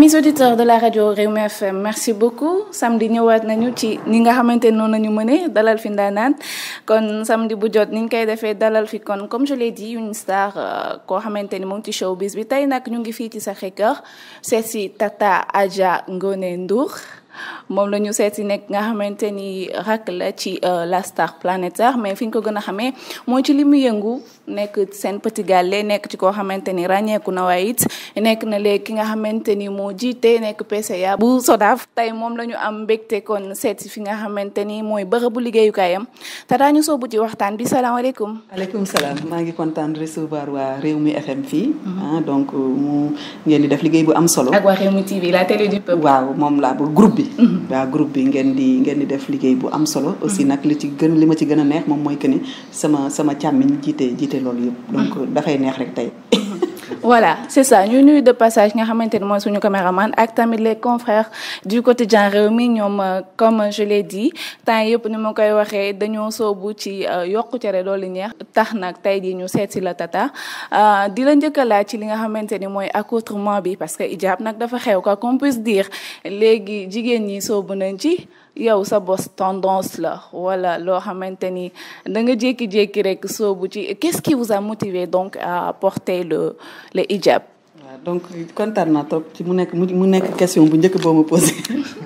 amis auditeurs de la rajo Rewmi FM merci beaucoup samedi ñëwaat nañu ci ñi nga xamante noonu nañu mëne dalal fi naan kon samedi bu jot ni ñu koy defee dalal fi kon comme je l'ai dit une star euh, koo xamante ni mu ngi ci showbiz bi tey nag ñu ngi fii ci Sacré-Cœur seet si Tata aja Ngoné Ndour moom la ñu seet si nekk nga xamante ni rakk la ci euh, la star planétaire mais fi ñu ko gën a xamee mooy ci li yëngu nekk seen patigal le nekk ci koo xamante ni ràññeeku na waaye it nekk na léegi ki nga xamante ni moo jiite nekk PCA bu SODAV tey moom la ñu am mbégte kon seet nga xamante ni mooy bërëbu liggéeyukaayam te daañu soobu ci waxtaan bi salaamaaleykum. maaleykum salaam maa ngi kontaan recevoir waa Rewmi FM fii. Mhm. Ah, donc mu ngeen di def liggéey bu am solo. ak waa Rewmi TV la télé du peuple. waaw moom laa bëgg groupe bi. Mhm. groupe bi ngeen di ngeen di def liggéey bu am solo. aussi mhm. nag li ci gën li ma ci gën a neex moom mooy que ni sama sama càmmiñ jiite jiite loolu yëpp. donc mm-hmm. dafay neex rek tey. voilà c'est ça ñu nuyu de passage nga xamante ni mooy suñu caméraman ak tamit le confrères du quotidien réew mi ñoom euh, comme je l'ai dit temps yëpp ni ma koy waxee dañoo soobu ci euh, yokku cere doolu ñeex tax nag tey jii ñu seet si la tata euh, di la njëkkalaa ci li nga xamante ni mooy accoutrement bi parce que ijaab nag dafa xew ko qu'on puisse dire léegi jigéen ñi soobu nañ ci yow sa bos tendance la wala loo xamante ni da nga jékki-jékki rek soobu ci qu'est-ce qui vous a motivé donc à porter le le hijab. donc kontaan naa trop ci mu nekk mu nekk question bu njëkk boo ma posé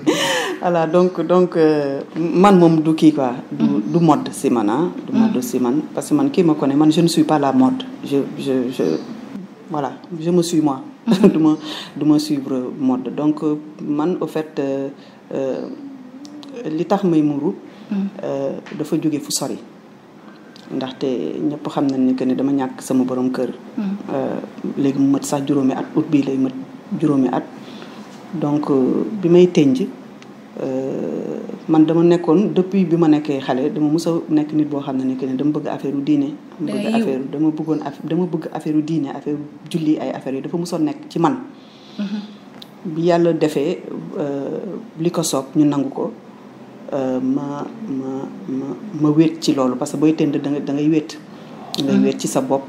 voilà donc donc euh, man moom du kii quoi. du mm-hmm. du mode si man ah. du mode mm-hmm. si man parce que man kii ma connaît man je ne suis pas la mode je voilà me suis moi. Mm-hmm. du ma du ma suivre mode donc euh, man au fait. Euh, li tax may muuru. Hmm. Euh, dafa jóge fu sori. ndaxte ñëpp xam nañ ni que ne dama ñàkk sama borom kër. Hmm. Euh, léegi mu mat sax juróomi at ut bii lay mat juróomi at. donc euh, bi may tënj man dama nekkoon depuis bi ma nekkee xale dama mës a nekk nit boo xam ne ni que dama bëgg affaire u diine. dama dama bëggoon affaire dama bëgg affaire diine affaire julli ay affaire yi dafa mës nekk ci man. Hmm. bi yàlla defee li ko soob ñu nangu ko Euh, ma ma ma ma wéet ci loolu parce que booy tënd da ngay da ngay wéet. ci sa bopp.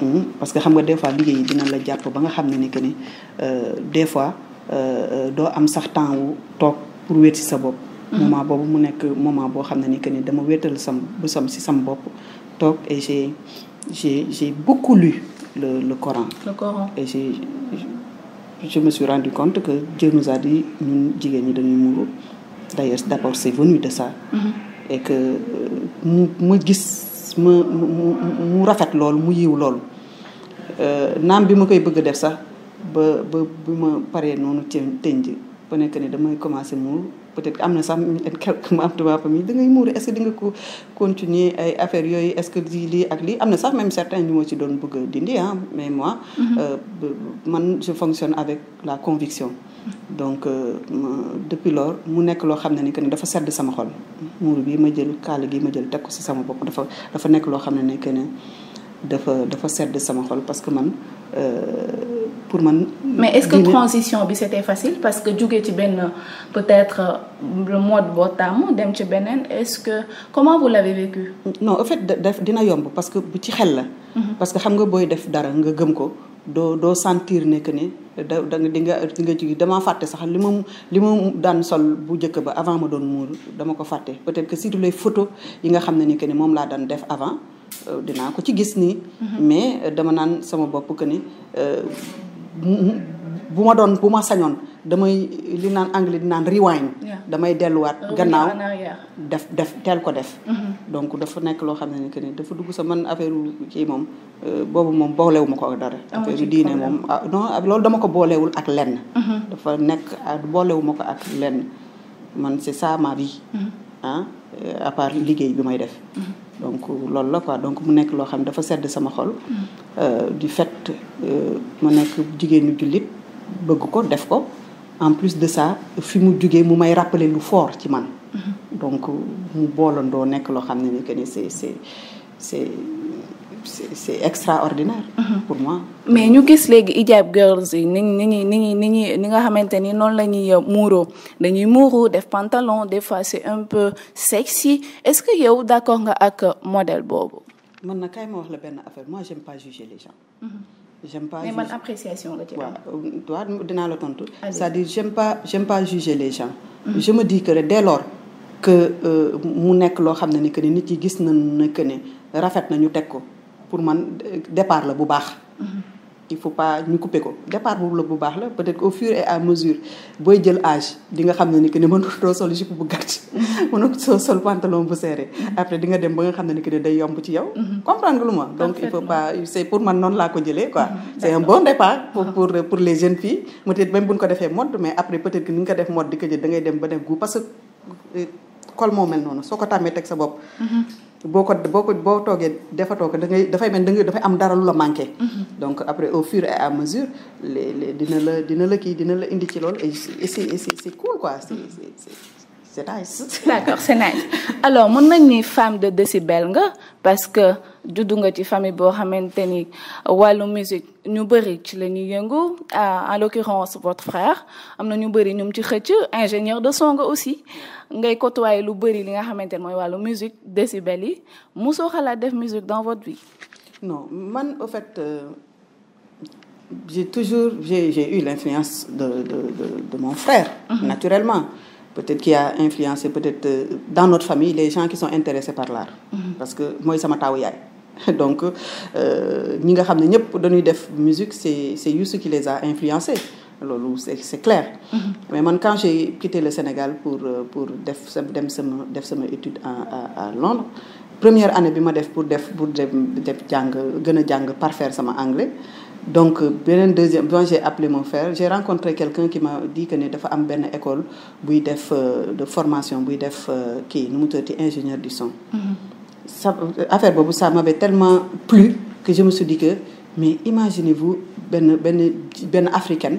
Hmm? parce que xam nga des fois liggéey yi dina la jàpp ba nga xam ne ni que ni euh, des fois euh, doo am sax temps wu toog pour wéet ci sa bopp. Hmm. moment boobu mu nekk moment boo xam ne ni que ni dama wéetal sam bu sam si sam bopp toog et j'ai j'ai j'ai lu le Coran. le Coran et rendu compte que Dieu nous a jigéen ñi dañuy muuru. d'ailleurs d'abord c'est venu de ça mm-hmm. et que euh, mu ma gis ma mu rafet loolu mu yiw loolu euh, naam bi ma koy bëgg def sax ba ba bi ma paree noonu te tënj ba nekk ne damay commencer muur peut-être am na sax quelques membres de ma famille da ngay muur est-ce que nga ko continuer ay affaires yooyu est-ce que lii lii ak lii am na sax même certains ñu ma ci doon bëgg a dindi ah mais mois mm-hmm. euh, man je fonctionne avec la conviction. donc euh, depuis lors mu nekk loo xam ne ni que ne dafa sedd sama xol muur bii ma jël kaala gi ma jël teg ko si sama bopp dafa dafa nekk loo xam ne ni que ne dafa dafa sedd sama xol parce que man euh, pour man. mais est-ce que transition bi c'était parce que jóge ci benn peut-être le mode boo dem ci beneen que comment vous l'avez vécu. non dina yomb parce que bu ci xel la. Mm-hmm. parce que xam nga booy def dara nga gëm ko. doo doo sentir ne que ne da da di nga di nga jigi damaa fàtte sax li ma li ma daan sol bu njëkk ba avant ma doon muuru dama ko fàtte peut-être que surtout les photos yi nga xam ne ni que ne moom laa daan def avant euh, dinaa ko ci gis nii mhm. mais euh, dama naan sama bopp que ne euh, bu ma doon bu ma sañoon damay li naan anglais di naan rewind damay delluwaat gannaaw def def teel ko def mm-hmm. donc dafa nekk loo xam ne ni que ni dafa dugg sa man affaire kii moom euh, boobu moom boolewu ko dara affaire diine moom ah, non ah, loolu dama ko boolewul ak lenn mm-hmm. dafa nekk ah, boolewu ma ko ak lenn man c'est ça ma vie mm-hmm. ah euh, part liggéey bi may def donc loolu la quoi donc mu nekk loo xam ne dafa sedd sama xol euh, di fait ma nekk jigéenu jullit bëgg ko def ko en plus de ça fi mu jugee mu may rappeler lu foor ci man. Mm-hmm. donc mu boolandoo nekk loo xam ne ni que ni c'est c'est extraordinaire. Mm-hmm. pour moi. mais ñu gis léegi ijaab girls yi ni ni ñuy ni ñuy ni nga xamante ni noonu la ñuy muuroo dañuy muuru def pantalon des fois c'est un peu sexy est-ce que yow d'accord nga ak modèle boobu. man na kay ma wax la benn affaire moi j'aime pas juger les j'aime pas. mais man appréciation la ci am. waaw dinaa la tontu. c'est-à-dire j'aime pas j'aime pas juger les gens. Mm. je me dis que que euh, mu nekk loo xam ne ni que ni nit yi gis nañu ne que ne rafet na ñu teg ko pour man euh, départ la bu baax. il faut pas ñu couper ko départ boobu la bu baax la peut-être au fur et à mesure booy jël âge di xam ne ni que ne mënatoo sol jupe bu gàtt. Mm-hmm. mënatoo sol pantalon bu serré. Mm-hmm. après di dem ba nga xam ne ni que ne day yomb ci yow. Mm-hmm. comprendre lu ma donc il faut pas c'est pour man noonu laa ko jëlee quoi. c'est un bon départ ko defee mode mais après peut que ni nga ko def mode di ko jël da dem ba def gu parce que euh, col mel noonu soo ko tàmmee teg sa bopp. boo ko boo ko boo toogee defatoo ko da dafay mel da ngay dafay am dara lu la manqué. Mm-hmm. donc après au fur et à mesure les les dina la dina la kii dina la indi ci loolu et c'est c'est cool quoi mm-hmm. c'est c'est nice. d'accord c'est nice nañ ni femme de décibel nga parce que. juddu nga ci famille boo xamante ni wàllu musique ñu bëri ci la ñuy yëngu en l'occurrence votre frère am na ñu bëri ñum ci xëcc ingénieur de son aussi ngay côtoyer lu bëri li nga xamante ne mooy wàllu musique décibel yi mosoo xalaat def musique dans votre vie. non man au fait euh, j'ai toujours j'ai j'ai eu l'influence de de de de mon frère. Mmh. naturellement. peut-être qui a influencé peut-être euh, dans notre famille les gens qui sont intéressés par l'art. Mhm. parce que mooy sama taawu donc euh, ñi nga xam ne ñëpp dañuy def musique c'est c'est Youssou qui les a influencés loolu c'est c'est clair mm-hmm. mais man quand j'ai quitté Sénégal pour euh, pour def sa dem sama def sama étude à à Londres première année bi ma def pour def pour def jàng gën a jàng parfaire sama anglais donc euh, beneen deuxième bon j'ai appelé mon frère j'ai rencontré quelqu'un qui m'a dit que ne dafa am benn école buy def de formation buy def kii nu mu tuddati ingénieur du son mm-hmm. ça affaire boobu ça m'avait tellement plu que je me suis dit que mais imaginez-vous benn benn africaine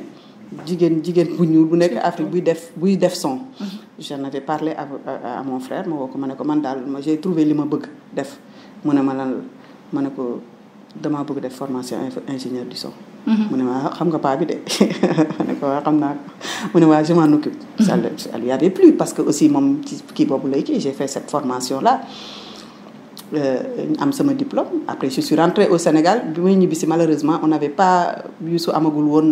jigéen jigéen bu ñuul bu nekk Afrique buy def buy def son. Mm-hmm. j'en avais parlé à, mon frère ma woo ko man daal ma j'ai trouvé li ma bëgg def mu ne ma lan mu ne ko damaa bëgg def formation ingénieur du son. Mm-hmm. mu ne ma ah, xam nga paa de ma ne waa ah, xam naa ko mu ne waa je m'en mm-hmm. parce que aussi moom ci kii boobu lay kii j'ai fait cette formation la Euh, am sama diplôme après je suis rentrée au Sénégal bi may ñibbisi malheureusement on n'avait pas Youssou amagul woon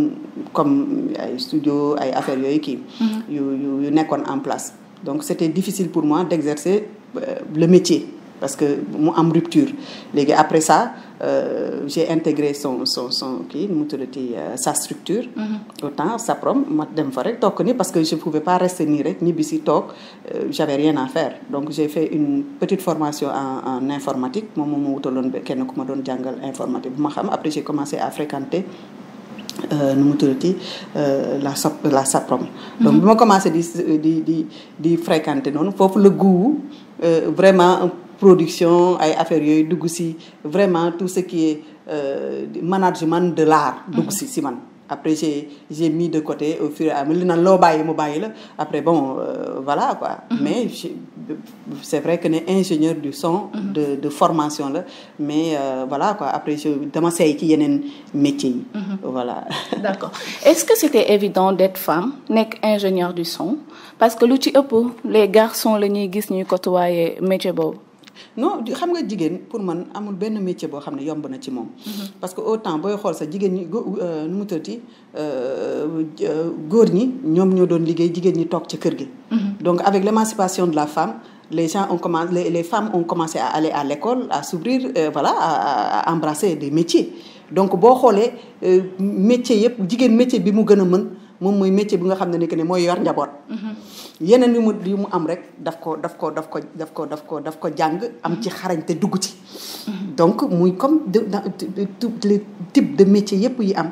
comme ay studio ay affaires yooyu kii. Mm-hmm. yu nekkoon en place. donc c'était difficile pour moi d'exercer euh, le métier parce que mu am rupture léegi après ça. Euh, j'ai intégré son son son kii nu mu tuddati euh, sa structure. Mm-hmm. autant SAPROM ma dem fa rek toog ni parce que je pouvais pas rester nii rek ñibbi si toog euh, j'avais rien à faire donc j'ai fait une petite formation en en informatique moom moo ma wutaloon ba kenn ku ma doon jàngal informatique bu ma xam après j'ai commencé à fréquenter. nu mu la sa la SAPROM. Mm-hmm. donc bi ma commencé di fréquenter noonu foofu la goût vraiment. production ay affaires yooyu dugg si vraiment tout ce qui est euh, management de l'art dugg si si man après j'ai mis de côté au fur et à li naan loo bàyyi mu bàyyi la après bon euh, voilà quoi mhm. mais c'est vrai que ne ingénieur du son mhm. de de formation la mais euh, voilà quoi après dama seey ci yeneen métier yi mm -hmm. voilà d'accord est-ce que c'était évident d'être femme nekk ingénieur du son parce que lu ci ëpp les garçons la ñuy gis ñuy côtoyer métier boobu non xam nga jigéen pour man amul benn métier boo xam ne yomb na ci moom. parce que autant booy xool sa jigéen ñi euh, nu mu tëddee euh, euh, góor ñi ñoom ñoo doon liggéey jigéen ñi toog ci kër gi. donc avec l'émancipation de la femme. les gens ont commencé les, les femmes ont commencé à aller à l'école à s'ouvrir euh, voilà à, à embrasser des donc boo xoolee euh, métier yëpp jigéen métier bi mu gën a mën moom mooy métier bi nga xam ne ni que ne mooy yor njaboot. Mm-hmm. yeneen yu mu yu mu am rek daf ko daf ko daf ko daf ko daf ko daf ko jàng am ci mm-hmm. xarañ te dugg ci. Mm-hmm. donc muy comme de type de métier yëpp yi am.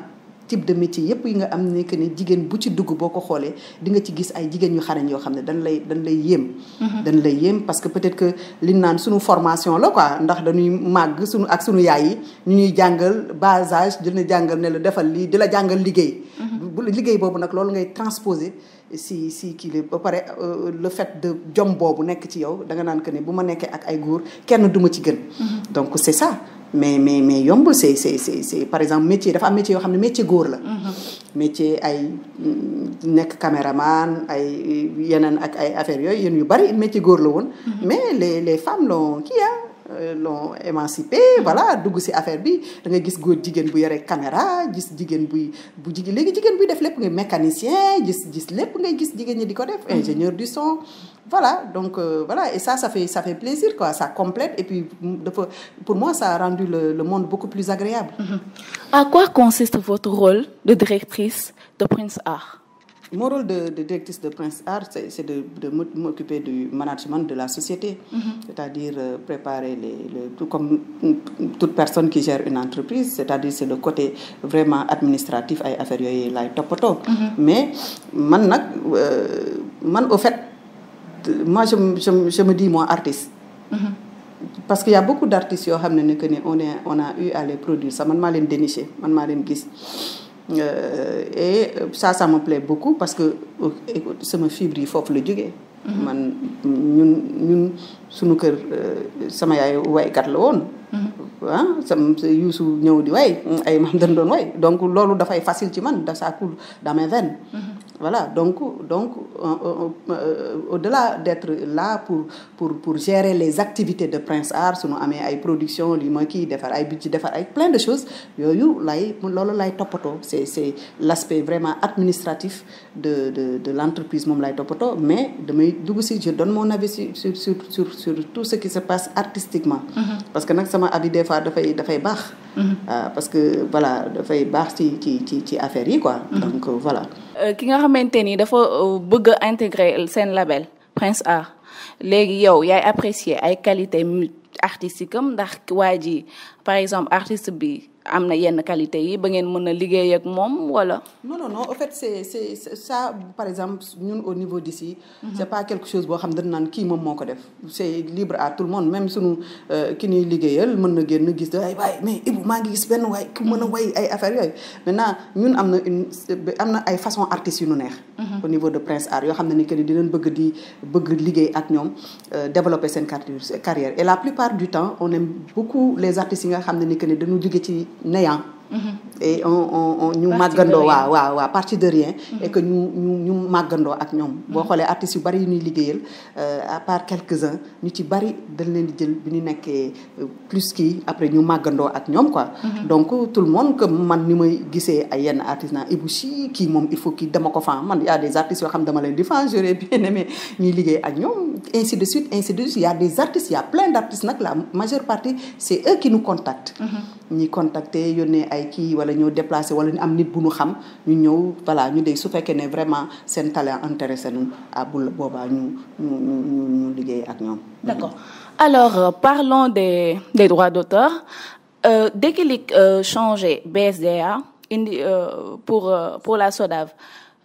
type de métier yëpp yi nga am ni que ne jigéen bu ci dugg boo ko xoolee di nga ci gis ay jigéen ñu xarañ yoo xam ne dañ lay dañ lay yéem mm-hmm. dañ lay yéem parce que peut-être que li naan suñu formation la quoi ndax dañuy màgg suñu ak suñu yaay yi ñu ñuy jàngal bas âge jàngal ne la defal lii di la jàngal liggéey mm-hmm. bu liggéey boobu nag loolu ngay transposer si si kii la ba pare euh, le fait de jom boobu nekk ci yow danga naan que ne bu ma nekkee ak ay góor kenn duma ci gën mm-hmm. donc c'est ça mais mais mais yomb c'est c'est c'est par exemple métier dafa am métier yoo xam ne métier góor la. Mm-hmm. métier ay nekk caméraman ay yeneen ak ay affaires yooyu yéen yu bari métier góor la woon. Mm-hmm. mais les les femmes l'ont kii euh, l'ont émancipé mm-hmm. voilà dugg si affaire bi da nga gis góor jigéen bu yore caméra gis jigéen buy bu jigéen léegi jigéen buy def lépp nga mécanicien gis gis lépp ngay gis jigéen ñi di ko def ingénieur du son. voilà donc euh, voilà et ça fait plaisir complète et puis mm, dafa pour moi ça a rendu le, le monde beaucoup plus agréable. Mm-hmm. À quoi consiste votre rôle de directrice de Prince Art? Mon rôle de, de directrice de Prince Art c'est, c'est de de m'occuper du management de la société. cest mm-hmm. C'est-à-dire euh, préparer comme mm, toute personne qui gère une entreprise c'est-à-dire c'est le administratif ay affaires yooyu lay mm-hmm. mais man nag euh, au fait. moi je je di me dis mm-hmm. parce que y' a beaucoup d' yoo xam ne ne que ni on est on a eu à les produire sax man maa leen déniché man maa leen gis. Euh, et ça ça me plaît beaucoup parce que euh, sama fibre yi foofu la jógee. Mm-hmm. man ñun ñun suñu kër euh, sama yaay waykat la woon. Mm-hmm. ah sam su ñëw di way ay maam dañ doon way donc loolu dafay facile ci man da ça coule dans voilà donc donc euh, euh, euh, au-delà d'être là pour pour pour gérer les activités de Prince Art suñu amee ay production lii ma kii defar ay budget defar ay plein de choses yooyu lay loolu lay toppatoo c'est c'est l'aspect vraiment administratif de de de l'entreprise moom lay toppatoo mais damay dugg si je donne mon avis sur sur sur sur tout ce qui se passe artistiquement mm-hmm. parce que nag sama avis des fois dafay dafay baax mm-hmm. ah, parce que voilà dafay baax ci ci ci ci affaire yi quoi mm-hmm. donc voilà Euh, ki nga xamante ni dafa euh, bëgg a intégrer seen label Prince Art léegi yow yaay apprécier ay qualité artistique am ndax waa ji par exemple artiste bi am na yenn qualité yi ba ngeen mën a liggéey ak moom wala. non non non fait c' est c' par exemple ñun au niveau d' ici. Mhm. c' pas quelque chose boo xam ne dañu naan kii moom moo ko def. c' est libre à tout le monde même sunu euh, ki ñuy liggéeyal mën na génn gis ay waay mais Ibou ngi gis benn waay a way ay affaires yooyu maintenant ñun am na am na ay façon artistes yu nu neex. Mhm. au niveau de Prince Art yoo xam ne ni que ni dinañ bëgg di bëgg liggéey ak ñoom euh, développer seen carrière et la plupart du temps on aime ne que ni dañu jóge ci. néant Mm-hmm. et on on on ñu màggandoo waaw waaw waaw parti de rien mm-hmm. et que ñu ñu ñu màggandoo ak ñoom mm-hmm. boo xoolee artistes yu bari yu ñuy liggéeyal euh, à part quelques-uns ñu ci bari dañ leen di jël bi ñu nekkee euh, plus kii après ñu màggandoo ak ñoom quoi donc tout le monde que man ni may gisee ay yenn artistes naa Ibou Chi kii moom il faut kii dama ko fan man y a des artistes yoo xam dama leen di fan j'aurais bien aimé ñuy liggéey ak ñoom ainsi de suite ainsi de suite y a des artistes y a plein d'artistes nag la majeure partie c'est eux qui nous ay kii wala ñëw déplacé wala ñu am nit bu ñu xam ñu ñëw voilà ñu dee su fekkee ne vraiment seen talent intéressé nu ah bu boobaa ñu ñu ñu ñu liggéey ak ñoom. d'accord alors euh, parlons des des droits d'auteur euh, D'clique euh, changé BSDA indi euh, pour euh, pour la SODAV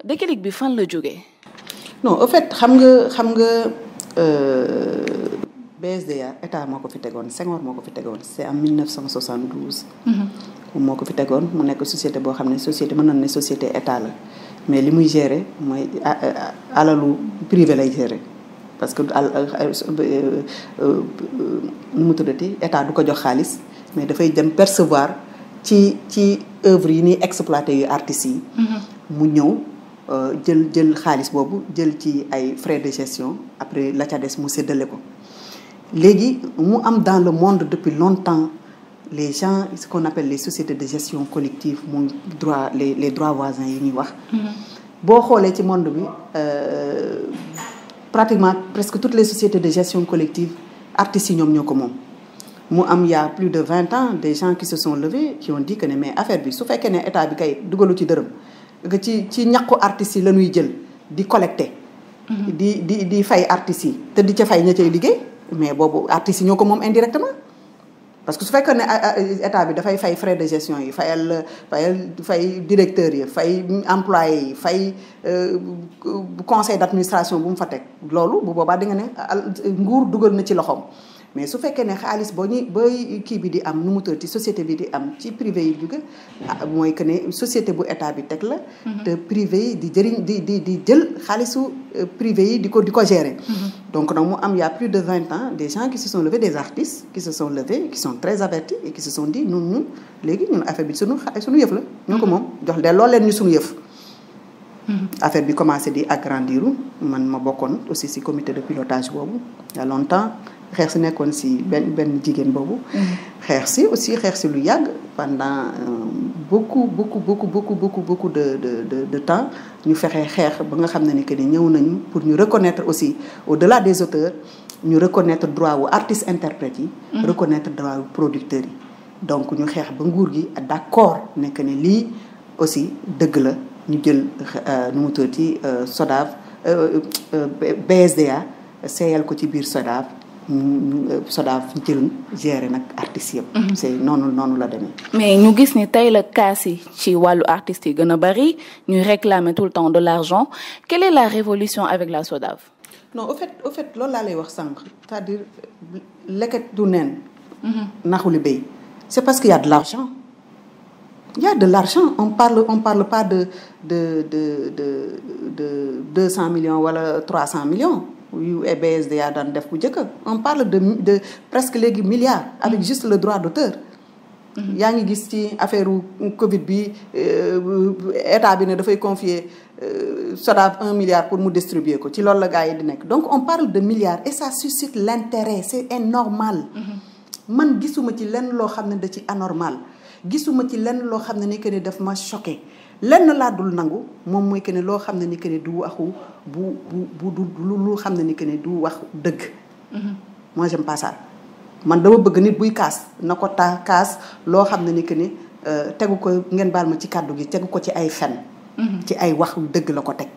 D'clique bi fan la jógee. non en fait xam nga xam nga euh, BSDA état moo ko fi tegoon Senghor moo ko fi tegoon c'est en 1972. Mm-hmm. moom moo ko fi tegoon mu nekk société boo xam ne société mën na ne société état la mais li muy gérer mooy alalu privé lay gérer parce que euh, euh, nu mu tuddati état du ko jox xaalis mais dafay dem percevoir ci ci œuvre yi ñuy exploité yu artistes yi mm-hmm. mu ñëw euh, jël jël xaalis boobu jël ci ay frais de gestion après la ca des mu séddale ko léegi mu am dans le monde depuis longtemps les gens ce qu'on les sociétés de gestion collective mooy droit les les droits voisins yi ñuy wax. Mm-hmm. boo xoolee ci monde bi euh, pratiquement presque toutes les sociétés de gestion collective artistes yi ñoom ñoo ko moom. mu am y' a plus de vingt ans des gens qui se sont levés qui ont dit mais affaire bi su fekkee ne état bi kay dugalu ci dërëm que ci ci ñàkku artistes yi la ñuy jël di collecté. Mm-hmm. di di di fay artistes yi te di ca fay ña cay liggéey mais boobu artistes yi ñoo ko moom indirectement. parce que su fekkee ne ah, ah, état bi dafay fay frais de gestion yi fayal fayal fay directeur yi fay employé yi fay euh, conseil d'administration bu mu fa teg loolu bu boobaa di nga ne ah, nguur dugal na ci loxoom. mais su fekkee ne xaalis boo ñuy ba kii bi di am nu mu tëdd ci société bi di am ci privé yi jóge ah, mooy que ne société bu état bi teg la mm-hmm. te privé yi di jëriñ di di di jël xaalisu euh, privé yi di ko di ko gérer mm-hmm. donc nag mu am y plus de vingt ans des gens qui se sont levés des artistes qui se sont levés qui sont très avertis et qui se sont dit ñun ñun léegi ñun affaire bi suñu suñu yëf la ñoo ko mm-hmm. moom jox delloo leen ñu suñu yëf affaire bi commencé di agrandiru man ma bokkoon aussi si comité de pilotage boobu il y xeex si nekkoon si benn benn jigéen boobu. Mm-hmm. xeex si aussi xeex si lu yàgg pendant euh, beaucoup beaucoup beaucoup beaucoup beaucoup beaucoup de de de de temps ñu fexe xeex ba nga xam ne ni que ni ñëw nañu pour ñu reconnaître aussi au-delà des auteurs ñu reconnaître droit wu artistes interprètes yi. Mm-hmm. reconnaître droit wu producteurs yi. donc ñu xeex ba nguur gi d'accord nekk ne lii aussi dëgg la ñu jël euh, nu ci tuddati euh, SODAV BSDA seeyal ko ci biir SODAV. SODAV jël gérer nag artistes yëpp. Mhm. c'est noonu noonu la demee. mais ñu gis ni tey la kaas yi ci wàllu artistes yi gën a bari ñuy réclamer tout le temps de l'argent quelle est la révolution avec la SODAV. non au fait loolu laa lay wax sànq c'est-à-dire leket du neen. Mhm. naxu li béy. c'est parce qu'il y a de l'argent il y a de l'argent on parle on parle pas de de de de de deux cent millions wala trois cent millions. yu EBSDA daan def bu njëkk on parle de de presque léegi milliards avec juste le droit d'auteur mm-hmm. yaa ngi gis ci affaire Covid bi euh, état bi ne dafay confier euh, SODAV un milliard pour mu distribuer ko ci lool la gars yi di nekk donc on parle de milliards et ça suscite l'intérêt c'est normal. Mm-hmm. man gisuma ci lenn loo xam ne da ci anormal gisuma ci lenn loo xam ne ne que ne daf ma choqué. lenn laa dul nangu moom mooy que ne loo xam ne ni que ne du waxu bu bu bu du lu xam ne ni que ne du wax dëgg. Mm-hmm. moi j'aime pas man dama bëgg nit buy kaas na ko taa kaas loo xam ne ni que ni euh, tegu ko ngeen baal ma ci kàddu gi tegu ko ci ay fen. Mm-hmm. ci ay wax dëgg la ko teg.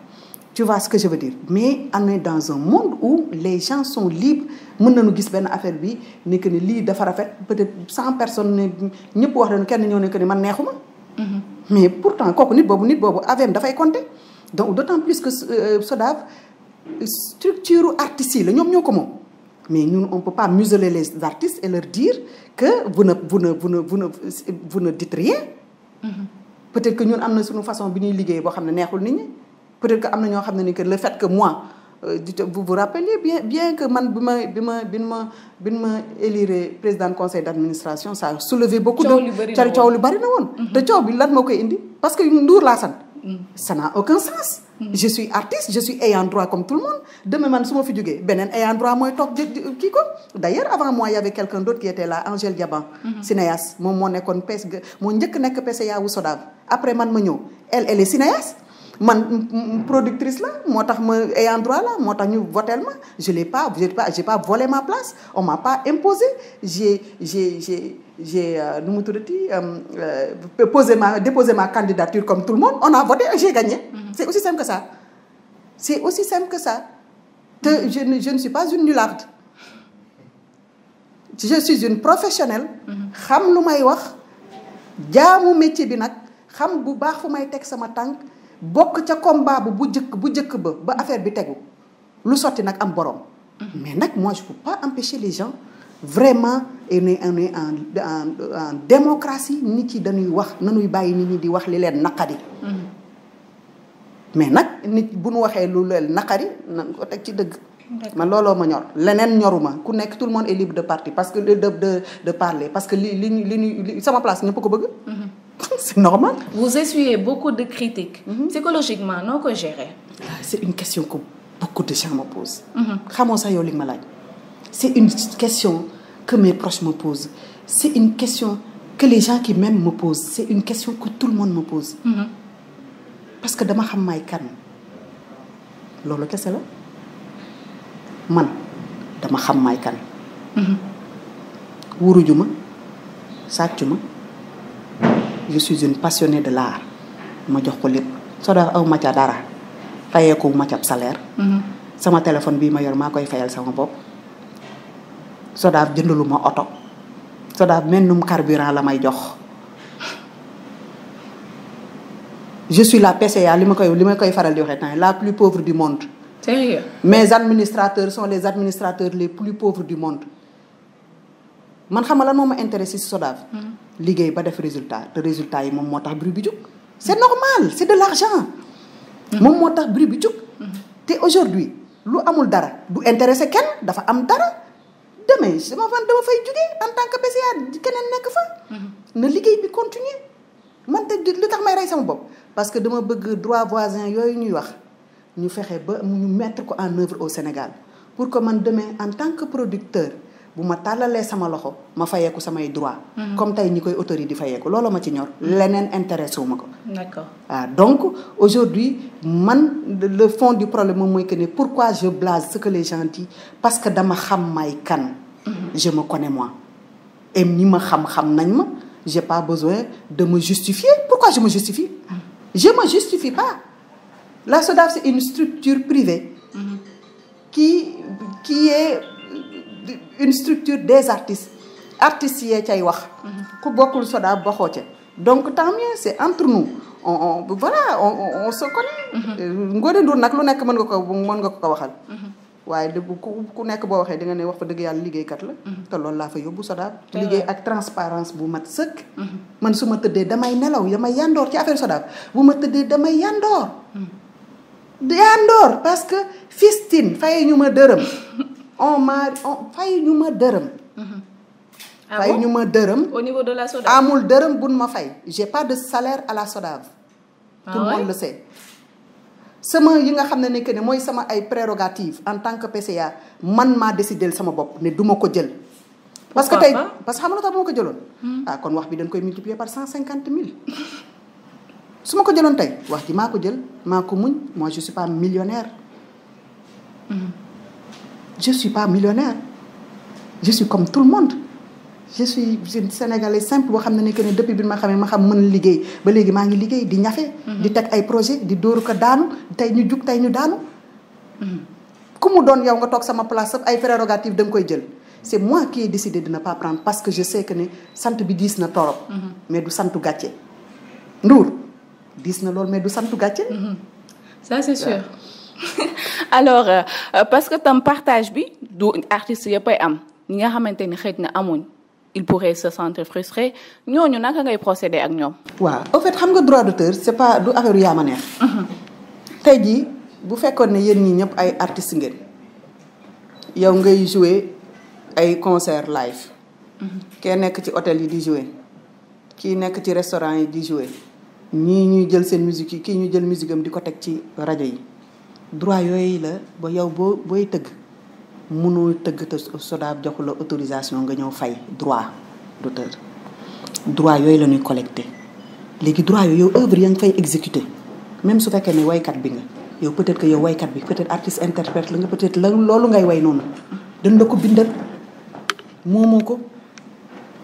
tu vois que je veux dire mais on est dans un monde où les gens sont libres mën nu gis benn affaire bi ni que ni lii dafa rafet peut cent personne ne ñëpp wax nañu kenn ñëw ne que ni man neexuma. Mm-hmm. mais pourtant kooku nit boobu nit boobu AVM dafay compter donc d' autant plus que euh, SODAV structure artistes yi la ñoom ñoo ko moom. mais ñun on peut pas museler les artistes et leur dire que vous ne vous ne vous ne vous ne vous ne dites rien. Mm-hmm. peut-être que ñun am na suñu façon bi ñuy liggéey boo xam ne neexul nit ñi peut-être que am na ñoo xam ne ni que le fait que moi. Euh, vous bien que man bi ma bi ma bi ma bi ma élire président conseil d' administration ça a soulevé beaucoup de cari coow lu bari na woon mhm. te coow bi lan moo koy indi parce que nduur laa sant mhm. ça n'a aucun sens mhm. je suis artiste je suis ayant droit comme tout le monde demain man su ma fi jógee beneen ayant droit mooy toog kii ko d' avant moi y avait quelqu'un d'autre qui était là Angèle Diaban cinéaste moom moo nekkoon pes moo njëkk nekk PCA wu SODAV après man ma ñëw man productrice la moo tax ma ayant droit la moo tax ñu votel ma je l'ai pas j'ai pas j'ai volé ma place on m'a pas imposé j'ai j'ai j'ai j'ai euh, nu mu tuddati euh, euh, posé ma déposé ma candidature comme tout le monde on a voté et j'ai gagné mm-hmm. c'est aussi simple que ça c'est aussi simple que ça te je ne je ne suis pas une nularde je suis une professionnelle mm-hmm. xam lu may wax jaamu métier bi nag xam bu baax fu may teg sama tànk bokk ca combat bu bu jëkk bu jëkk ba ba affaire bi tegu lu sotti nag am borom. Mm-hmm. mais nag moi je peux pas empêcher les gens vraiment on est on est en en en démocratie nit yi dañuy wax nañuy bàyyi nit ñi di wax li leen naqari. Mm-hmm. mais nag nit bu nu waxee lu leen naqari nan ko teg ci dëgg. man looloo ma ñor leneen ñoruma ku nekk tout le monde est libre de partir parce que de de de parler que li li li sama place ñëpp ko bëgg. Mm-hmm. c'est normal. vous essuyez beaucoup de critiques. Mm -hmm. psychologiquement noo ko gérer. Ah, c'est une question que beaucoup de gens me posent. Mm -hmm. xamoo sax yow li ma c'est une question que mes proches me posent c'est une question que les gens qui m'aiment me posent c'est une question que tout le monde me pose. Mm -hmm. parce que dama xam maay kan loolu kese la man dama xam maay kan. Mm wurujuma sàccuma. je suis une de l'art ma jox ko lépp soo def aw ma ca dara fayeeku ma ca salaire. Mm-hmm. sama téléphone bii ma yor maa koy fayal sama bopp. sodaaf jëndalu ma oto sodaaf mennum carburant la may jox je suis la PCA li ma koy li ma koy faral di waxee temps la plus pauvre du monde. sérieux? mes administrateurs sont les administrateurs les plus pauvres du monde. man xam nga lan moo ma intéressé si SODAV. Hmm. liggéey ba def résultat te résultat yi moom moo tax bruit bi jug. c' est normal c' est de hmm. moom moo tax bruit bi jug. Hmm. te aujourd'hui lu amul dara du intéressé kenn dafa am dara. demee sama fan dama fay jugee en tant que di keneen nekk fa. na liggéey bi continuer man te lu tax may rey sama bopp. parce que dama bëgg droit voisin yooyu ñuy wax ñu fexe ba ñu mettre ko en œuvre au Sénégal pour que man demee en tant que producteur. bu ma tàllalee sama loxo ma fayeeku samay droit mhm. comme tey ni koy autorité di fayeeku loolu ma ci ñor mhm. leneen intéressé wu ma ko d'accord ah donc aujourd'hui man le fond du problème moom mooy que ne pourquoi je blase ce que le gens disent parce que dama xam may kan mhm. je me connais moi et ñi ma xam-xam nañ ma je pas besoin de me justifier pourquoi je me justifie je me justifie pas la SODAV c'est une structure privée qui qui est une structure des artistes artistes yee cay wax ku bokkul soda boxoo ca donc tant mieux c'est entre nous on on voilà on on se connaît mhm. Ngoné Ndour nag lu nekk mën nga ko mën nga ko ko waxal mhm. waaye dëgg ku ku nekk boo waxee di nga ne wax fa dëgg yàlla liggéeykat la mhm. te loolu laa fa yóbbu Sodav liggéey ak transparence bu mat sëkk man su ma tëddee damay nelaw damay yandoor ci affaire Sodav bu ma tëddee damay yandoor yandoor parce que fistine faye ñu ma dërëm on m'a on fay ñu ma dërëm. Ah fay ñu ma dërëm. au niveau de la SODAV amul dërëm buñ ma fay. j'ai pas de salaire à la SODAV. ah tout le sama yi nga xam ne ne que ne mooy sama ay prérogatives en tant que PCA man maa décidé sama bopp ne duma ko jël. parce que tey parce que xam nga tax ma ko jëloon. Hmm? ah kon wax bi dañ koy multiplier par cent cinquante mille. su ma ko jëloon tey wax ji maa ko jël maa ko muñ moi je suis pas millionnaire. Hmm. je suis pas millionnaire je suis comme tout le monde je suis jeune sénégalais simple boo xam ne que ne depuis bi ma xamee ma xam mën liggéey ba léegi maa ngi liggéey di ñafe. Mhm. di teg ay projet di dóoru ko daanu tey ñu jug tey ñu daanu. Mhm. ku mu doon yow nga toog sama place ay prérogatives da nga koy jël. c'est moi qui ai décidé de ne pas prendre parce que je sais que ne sant bi diis na torop. Mhm. mais du santu gàcce. Ndour diis na lool mais du santu gàcce. ça c'est alors euh, euh, parce que tam partage bi du artistes yëppay am ñi nga xamante ni xëy na amuñ il pourrait se sentir frustré ñooñu naka ngay procéder ak ñoom. waaw au fait xam nga droit d'auteur c'est pas du affaire yaa ma neex. tey jii bu fekkoon ne yéen ñi ñëpp ay artistes ngeen yow ngay jouer ay concert live. kee nekk ci hôtel yi di jouer kii nekk ci restaurant yi di jouer ñii ñuy jël seen musique yi kii ñu jël musique am di ko teg ci rajo yi. droit yooyu la ba yow boo booy tëgg mënoo tëgg te SODAV joxu la autorisation nga ñëw fay droit d'auteur droit yooyu la ñuy collecté léegi droit yooyu yow œuvre ya nga fay exécuté même su fekkee ni waykat bi nga yow peut-être que yow waykat bi peut-être artiste interprète la nga peut-être la loolu ngay way noonu dañ la ko bindal moomoo ko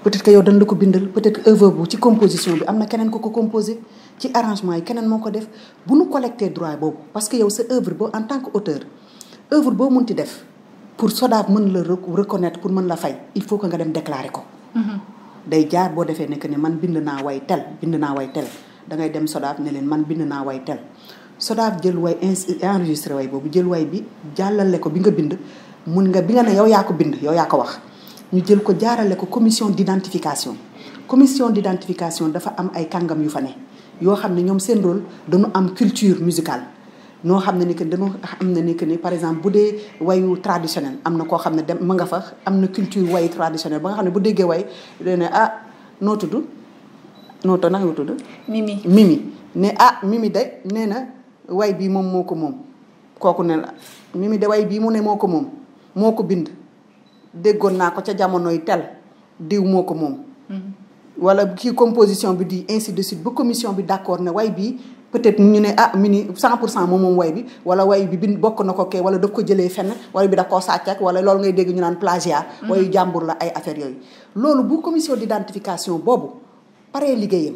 peut-être que yow la ko bindal peut-être que œuvre bu ci composition bi am na keneen ko ko composé ci arrangement yi keneen moo ko def bu nu collecté droit boobu parce que yow sa œuvre boo en tan que auteur œuvre boo ti def pour SODAV mën la reconnaître pour mën la fay il faut que nga dem déclarer ko. Mm-hmm. day jaar boo defee nekk ni man bind naa way tel bind naa way tel da ngay dem SODAV ne leen man bind naa way tel SODAV jël way enregistré way boobu jël way bi jàllale ko bi nga bind mun nga bi nga ne yow yaa ko bind yow yaa ko wax ñu jël ko jaarale ko commission d' identification commission d' dafa am ay kàngam yu fa ne. yoo xam ne ñoom seen rôle dañu am culture musicale noo xam ne ni que dañu am na ni que ni par exemple bu dee wayu traditionnel am na koo xam ne dem ma nga fa am na culture wayu traditionnel ba nga xam ne bu déggee way day ne ah noo tudd noo to nanga tudd mimi mimi ne ah mimi de nee na way bii moom moo ko moom kooku ne la mimi de way bii mu ne moo ko moom moo ko bind déggoon naa ko ca jamonoy tel diw moo ko moom mm-hmm. wala kii composition bi di ainsi de suite ba commission bi d'accord ne way bi peut-être ñu ne ah mi ni 100 pour cent moom moom way bi wala way bi bin bokk na ko kee wala daf ko jëlee fenn wala bi da ko sàcc ak wala loolu ngay dégg ñu naan plagiat mm-hmm. wayu jàmbur la ay affaires yooyu loolu bu commission d'identification boobu paree liggéeyam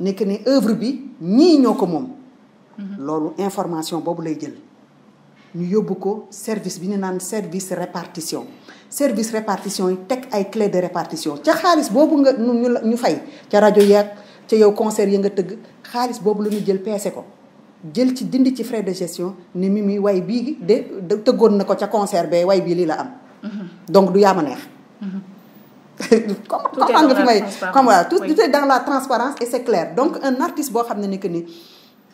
nekk ne œuvre bi ñii ñoo ko moom mm-hmm. loolu information boobu lay jël ñu yóbbu ko service bi ñu naan service répartition service répartition yi teg ay clé de répartition ca xaalis boobu nga ñu ñu fay ca rajo yeeg ca yow concert ya nga tëgg xaalis boobu la ñu jël peese ko jël ci dindi ci frais de gestion ni mi mi way bii de tëggoon na ko ca concert bee way bii lii la am mm-hmm. donc du yaama neex comme mm-hmm. comme nga fi may comme voilà tout est la transparence et c'est clair donc un artiste boo xam ne ni que ni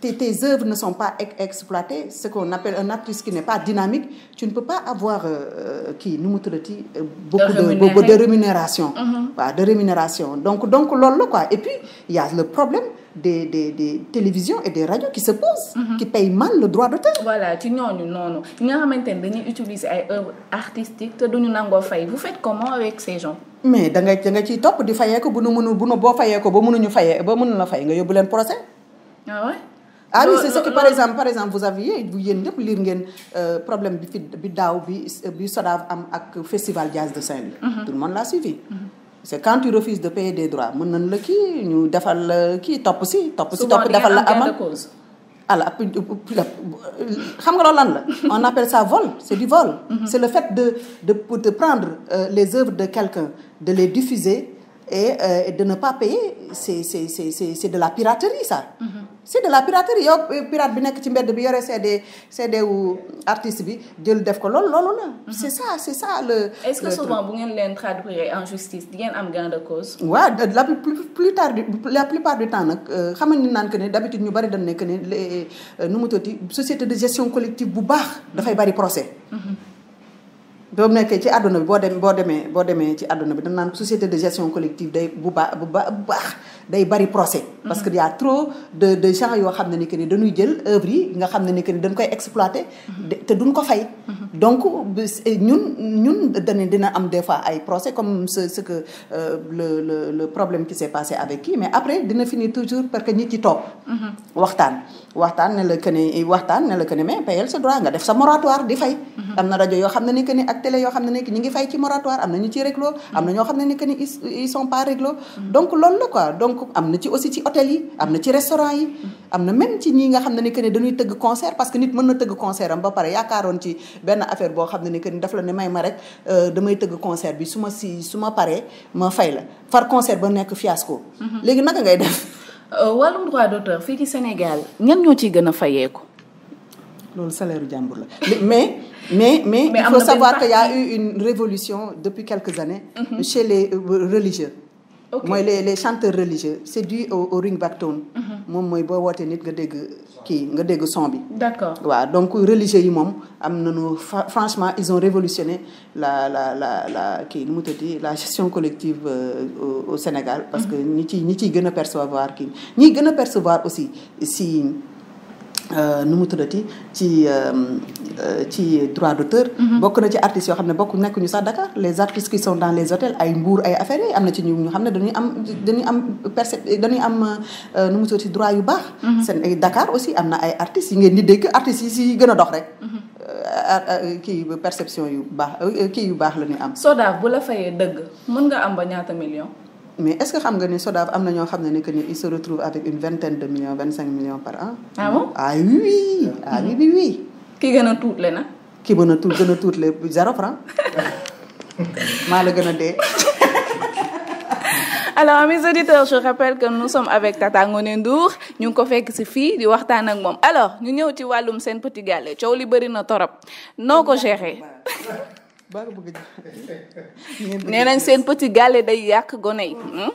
te tes œuvres ne sont pas exploitées, ce qu'on appelle un artiste qui n'est pas dynamique, tu ne peux pas avoir euh, qui, euh, nous euh, beaucoup de, beaucoup de rémunération. Mm -hmm. bah, de Donc, donc lolo, quoi. Et puis, il y a le problème des, des, des, télévisions et des radios qui se posent, mm -hmm. qui payent mal le droit d'auteur. Voilà, tu non, non, non. Nous utilisons des œuvres artistiques, vous faites comment avec ces mais da nga da nga ciy topp di fayee ko bu nu mënul bu nu boo fayee ko ba ñu fayee ba mënul la fay nga yóbbu leen procès. Ah ah oui c'est ce que par exemple par exemple vous aviez bu yéen ñëpp lire ngeen euh, problème bi fi bi daaw bi bi SODAV am ak festival jazz de Saint-Louis. Mhm. tout le monde l'a suivi. Mhm. c'est quand tu refuses de payer des droits mën nañ la kii ñu defal la kii topp si topp si topp defal la amal alors xam nga loolu lan la on appelle ça vol c'est du vol mhm. c'est le fait de de de prendre euh, les œuvres de quelqu'un de les diffuser et euh, de ne pas payer c'est c'est de la piraterie sa c'est de la piraterie yow euh, pirate bi nekk ci mbedd bi yore CD CD wu artiste bi jël def ko loolu loolu la. Mhm. c'est ça c'est ça le. est-ce que souvent bu ngeen leen traduire en justice di ngeen am gain de cause. waaw la plus tard la plupart du temps nag euh, xamal ni naan que ne d'habitude ñu bari da nekk ne euh, nu mu tëddee société de gestion collective bu baax dafay mhm. bari procès. doo mhm. nekkee ci àdduna bi boo dem boo demee boo demee ci àdduna bi dañ naan société de gestion collective day bu baax bu baax. day bari procès mm-hmm. parce que y a trop de de yoo xam ne ni que nii dañuy jël œuvre nga xam ne ni que ni dañ koy exploité mm-hmm. te duñ ko fay mm-hmm. donc ñun ñun dañu dina am des fois ay procès comme ce que euh, le le le problème qui s'est passé avec kii mais après dina finir toujours parce que ñi ci toog waxtaan waxtaan ne la que waxtaan la que ni mais payel sa droit nga def sa moratoire di fay mhm. am na rajo yoo xam ne ni que ni ak télé yoo xam ne ni ñi ngi fay ci moratoire am na ñu ci réglo mhm. am na ñoo xam ne ni que mhm. am na ci aussi yi am na ci restaurant yi am na même ci ne que ni dañuy tëgg concert parce que nit mën na tëgg concert am ba pare yaakaaroon ci benn affaire boo xam ne ni que ni daf la ne may ma rek euh, damay tëgg concert bi su ma si su ma paree ma fay la far concert ba nekk fiasco léegi naka ngay def Euh, wàllum droit d'auteur fii ci Sénégal ñan ñoo ciy gën a fayeeku loolu salaire u jàmbur la mais mais mais il faut savoir qu'il y eu une révolution depuis quelques années mm-hmm. chez les euh, religieux ok mooy les les chanteurs religieux c' est dû au ringback tone. Mhm. moom mooy boo wootee nit nga dégg kii nga dégg son bi. d' accord waaw donc religieux yi moom am na nañu franchement ils ont révolutionné la la la la kii nu mu tëddee la gestion collective euh, au Sénégal. parce mhm. que ñi ciy ñi ciy gën a percevoir kii ñi gën a percevoir aussi si. Euh, nu mu tuddati ci euh, euh, ci droit d'auteur mhm. bokk na ci artistes yoo xam ne bokk nekk ñu sax Dakar les artistes qui sont dans les hôtels ay Mbour ay affaires yooyu am na ci ñu xam ne dañuy am dañuy am percep dañuy am nu mu tuddati droit yu baax mhm. seen ay Dakar aussi am na ay artistes yi ngeen di dégg artistes yi si gën a dox rek mhm. kii perception yu baax kii yu baax la ñuy am Sodav bu la fayee dëgg mën nga am ba ñaata million mais est-ce que xam nga ni SODAV am na ñoo xam ne ne que ni il se retrouve avec une vingtaine de millions vingt cinq millions par an. ah bon ah oui ah ki gën a tuutle na. ki gën a tuut gën a tuutle zéro franc maa la gën a dee. alors mes auditeurs je rappelle que nous sommes avec Tata Ngoné Ndour ñu ngi ko fekk si fii di waxtaan ak moom alors ñu ñëw ci wàllum seen petit gàllé coow li bëri na torop noo ko gérer. baal bëgg nee nañ seen petit gàllé day yàq gone yi. Hmm?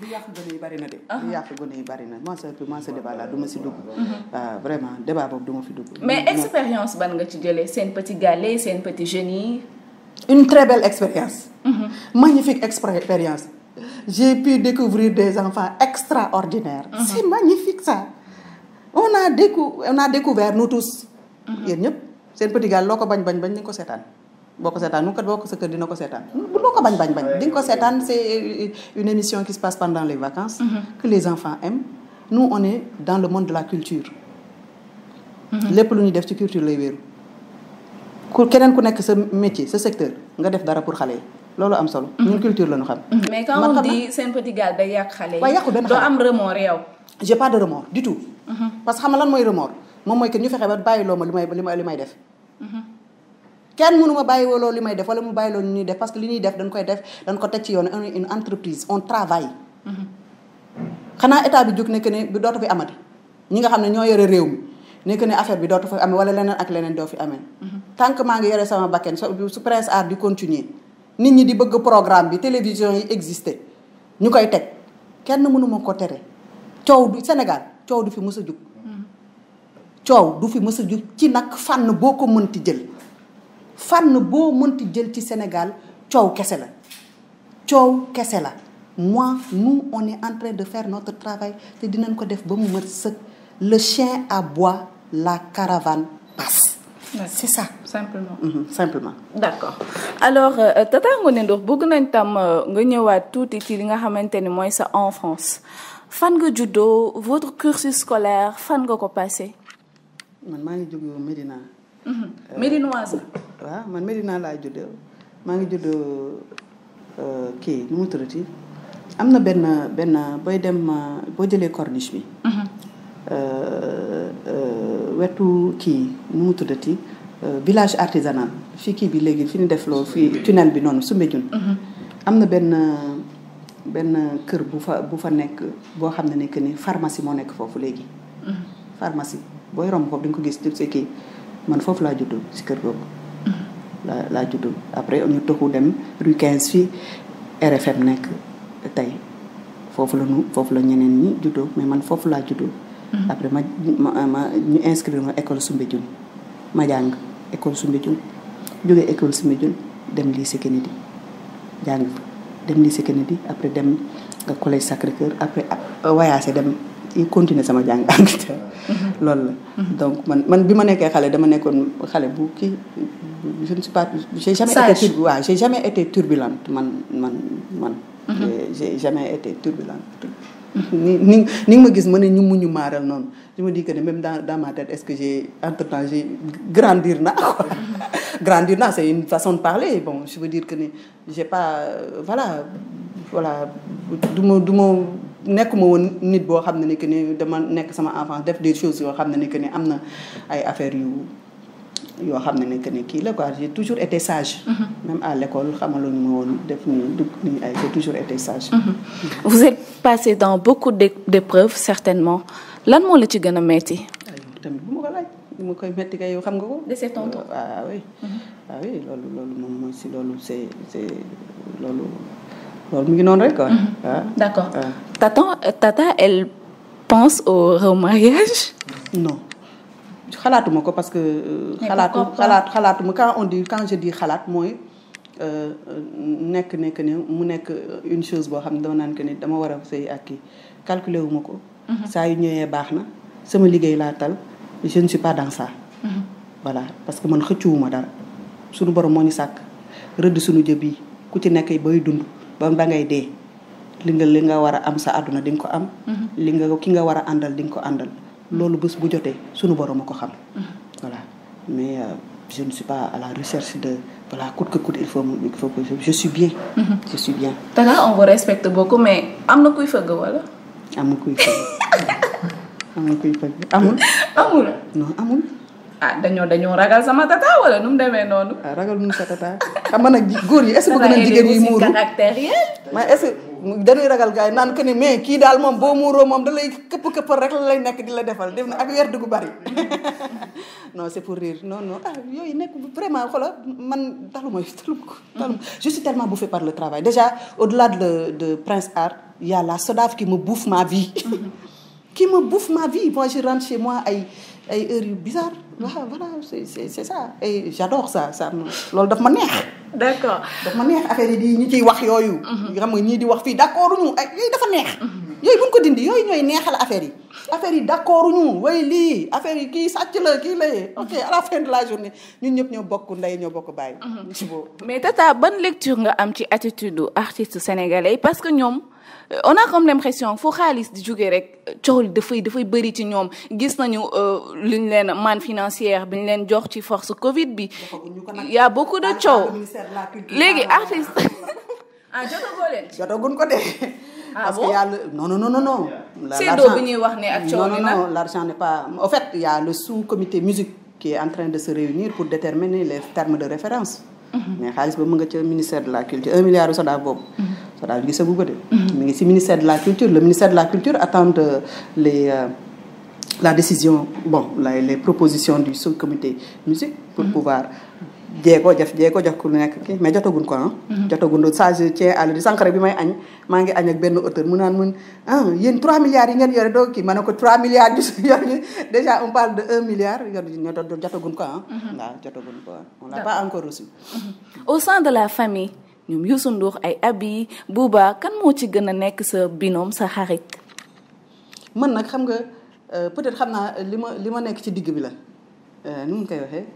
li yàq gone yi bari na de. li yàq gone yi bari na moi ce débat là du ma si dugg. Mhm. Ah, vraiment débat boobu du ma fi dugg. mais expérience ban nga ci jëlee seen petit gàllé seen petit jeunes yi. une très belle expérience. Mhm. magnifique expérience. j'ai pu découvrir des enfants extraordinaires. Mhm. c'est magnifique ça. on a décou on a découvert nous tous. yéen ñëpp seen petit gàllé loo ko bañ bañ bañ ñu ko seetaan. boo ko seetaan nu kat boo ko sa kër dina ko seetaan bu ko bañ bañ bañ di nga ko seetaan c'est une émission qui se passe pendant les vacances mm-hmm. que les enfants aiment nous on dans le monde de la culture mm-hmm. lépp lu ñuy def ci culture lay wéeru ku keneen ku nekk sa métier sa secteur nga def dara pour xale yi loolu am solo mm-hmm. ñun culture la ñu xam mais quand on di seen petit gars day yàq xale yi waaye yàqu benn xale doo am remords yow j'ai pas de remords du tout parce que xam nga mooy remords moom mooy que ñu fexe ba bàyyi loo ma li may li may def kenn mënu ma bàyyi loolu li may def wala mu bàyyi loolu ñuy def parce que li ñuy def dañ koy def dañ ko teg ci yoon une entreprise on travaille. Mm-hmm. xanaa état bi jóg ne que ne bi dootu fi amati ñi xam ne ñoo yore réew mi ne que ne affaire bi dootu fi amee wala leneen ak leneen doo fi amee. Mm-hmm. que maa ngi yore sama bakken su Prince Art di continuer nit ñi di bëgg programme bi télévision yi existé ñu koy teg kenn mënuma ma ko tere coow du Sénégal coow du fi mës a jug. Mm-hmm. coow du fi mës a jug ci nag fànn boo ko mënti jël. fànn boo mënti jël ci Sénégal coow kese la coow kese la moi nous on est en de faire notre travail te dinañ ko def ba mu mat sëkk le chien aboie la caravane passe. c'est ça simplement. Mmh, simplement. d'accord alors euh, Tata Ngoné Ndour bëgg nañ tam euh, nga ñëwaat tuuti ci li nga xamante ni mooy sa enfance fan nga juddoo votre cursus scolaire fan nga ko passé. maa ngi jóge Médina. Mhm. Médinoise waaw man Medina laa juddoo maa ngi juddoo euh, kii nu mu am na benn benn booy dem euh, boo jëlee corniche bi. Mhm. Euh, wetu kii nu mu tuddati village artisanal fii kii bi léegi fi ñu def loo fii tunnel bi noonu Soumbédioune. Mhm. am na benn benn kër bu fa bu fa nekk boo xam ne nekk ni pharmacie moo nekk foofu léegi. Mhm. pharmacie booy romb foofu di ko gis di kii man foofu laa juddoo si kër googu. laa laa juddu après ñu toxu dem rue 15 fii RFM nekk tey foofu la nu foofu la ñeneen ñi juddoo mais man foofu laa juddoo. Mhm. après ma ma ñu inscrire ma école Soumbédioune ma jàng école Soumbédioune jógee école Soumbédioune dem lycée Kennedy jàng fa dem lycée Kennedy après dem nga collège Sacré-Cœur après voyagé euh, dem continuer sama jàng loolu la mhm. donc man man bi ma nekkee xale dama nekkoon xale bu kii je ne suis pas j'ai jamais été tur waaw j'ai jamais été turbulente man man man mhm. j'ai jamais été turbulente ni ni ni nga ma gis ma ne ñu muñu maaral noonu je me dis que même dan dans ma tête est-ce que j'ai entre temps j'ai grandir naa grandir naa c'est une façon de parler bon je veux dire que ne j'ai pas euh, voilà voilà du ma du ma nekk ma woon nit boo xam ne ne que ne dama nekk sama enfance def des choses yoo xam ne ni que ne am na ay affaires yu yoo xam ne nekk ne kii la quoi j'ai toujours été sage. Mm-hmm. même à l'école xamaloon ma woon def ni dugg ni ay j'ai toujours été sage. Mm-hmm. Mm-hmm. vous êtes passé dans beaucoup d'épreuves certainement lan moo la ci gën metti. tamit bu ma ko laaj bu ma metti kay yow xam nga ko. de ses tontons euh, ah oui. ah oui loolu loolu moom si loolu c'est c'est loolu loolu mu ngi a rek quoi. Ah. d'accord ah. tata tata elle pense au remariage. non. xalaatuma ko parce que. Euh, xalaatu xalaat xalaatuma quand on dit quand je dis xalaat mooy euh, nekk nekk ne mu nekk une chose boo xam ne dama naan que ni dama war a sëy ak kii calculer wu ma ko. Mhm. saa yu ñëwee baax na sama liggéey laa tal je ne pas dans ça. Mhm. voilà parce que man xëccuwuma dara suñu borom moo ñu sàkk rëdd suñu jëb yi ku ci nekk bay dund ba ba ngay dee li nga li nga war a am sa àdduna di nga ko am. Mhm. li nga ki nga war a àndal di nga ko àndal. loolu bés bu jotee sunu borom a ko xam. Mm-hmm. voilà mais euh, je ne suis pas à la recherche de voilà coûte que coûte il faut il faut que je suis bien. je suis bien. Mm-hmm. Talla on vous respecte beaucoup mais am na kuy fëgg wala. amul kuy fëgg amul kuy fëgg amul. amul non amul. ah dañoo dañoo ragal sama tata wala nu mu demee noonu. ah ragal nu mu sa tata xam nga nag góor yi est ce que jigéen ñi muuru mais est ce que dañuy ragal gars yi naan que ni mais kii daal moom boo muuroo moom da lay këpp këppal rek la lay nekk di la defal def na ak weer gu bari non c' est ah yooyu nekk vraiment xoola man taluma taluma ko taluma je suis tellement bouffée par le travail déjà au delà de de Prince Art y a la SODAV qui me bouffe ma vie. qui me bouffe ma vie moi je ay ay heures waaw voilà c'est c'est ça et j'adore ça ça loolu daf ma neex. d'accord daf ma neex affaire yi di ñu ciy wax yooyu. Mhm. xam nga ñii di wax fii d'accord ak yooyu dafa neex. Mhm. yooyu buñ ko dindi yooyu ñooy neexal affaire yi affaire yi d'accord ñu way lii affaire yi kii sàcc la kii la ok à la fin de la journée ñun ñëpp ñoo bokk ndey ñoo bokk bàyyi. Mhm. mais tata ban lecture nga am ci attitude du artiste sénégalais parce que ñoom. Euh, on a comme l'impression foo xaalis di jógee rek cool dafay dafay bëri ci ñoom gis nañu euh, lu ñu leen manne financière bi ñu leen jox ci force Covid bi y a beaucoup de coow léegi ah, artiste ah jotagoo leen jotaguñ ko de ah parce que y a le bi ñuy wax ne ak coow li nag non l'argent n'est pas en fait y a le sous comité musique qui est en train de se réunir pour déterminer les termes de référence Mhm. mais xaalis ba mu nga ca ministère de la culture un milliard u SODAV boobu mhm. SODAV gisagu ko de mu mhm. ngi si ministère de la culture le ministère de la culture attend les euh, la décision bon les propositions du sous-comité musique pour pouvoir jéego def jéego jox ku nekk kii mais jotagun ko ah. Mhm. jotagun ça je tiens à le dire sànq rek bi may añ maa ngi añ ak benn auteur mu naan mun ah yéen 3 milliards yi ngeen yore doo kii ma ne ko 3 milliards yi yor ñu déjà on parle de 1 milliard yor ñu jotagun ko ah. Mhm. waaw jotagun ko ah on l'a pas encore reçu. Mhm. au sein de la famille ñoom Youssou Ndour ay abi Bouba kan moo ci gën a nekk sa binôme sa xarit. man nag xam nga euh, peut-être xam naa li ma li ma nekk ci digg bi la euh, nu mu koy waxee.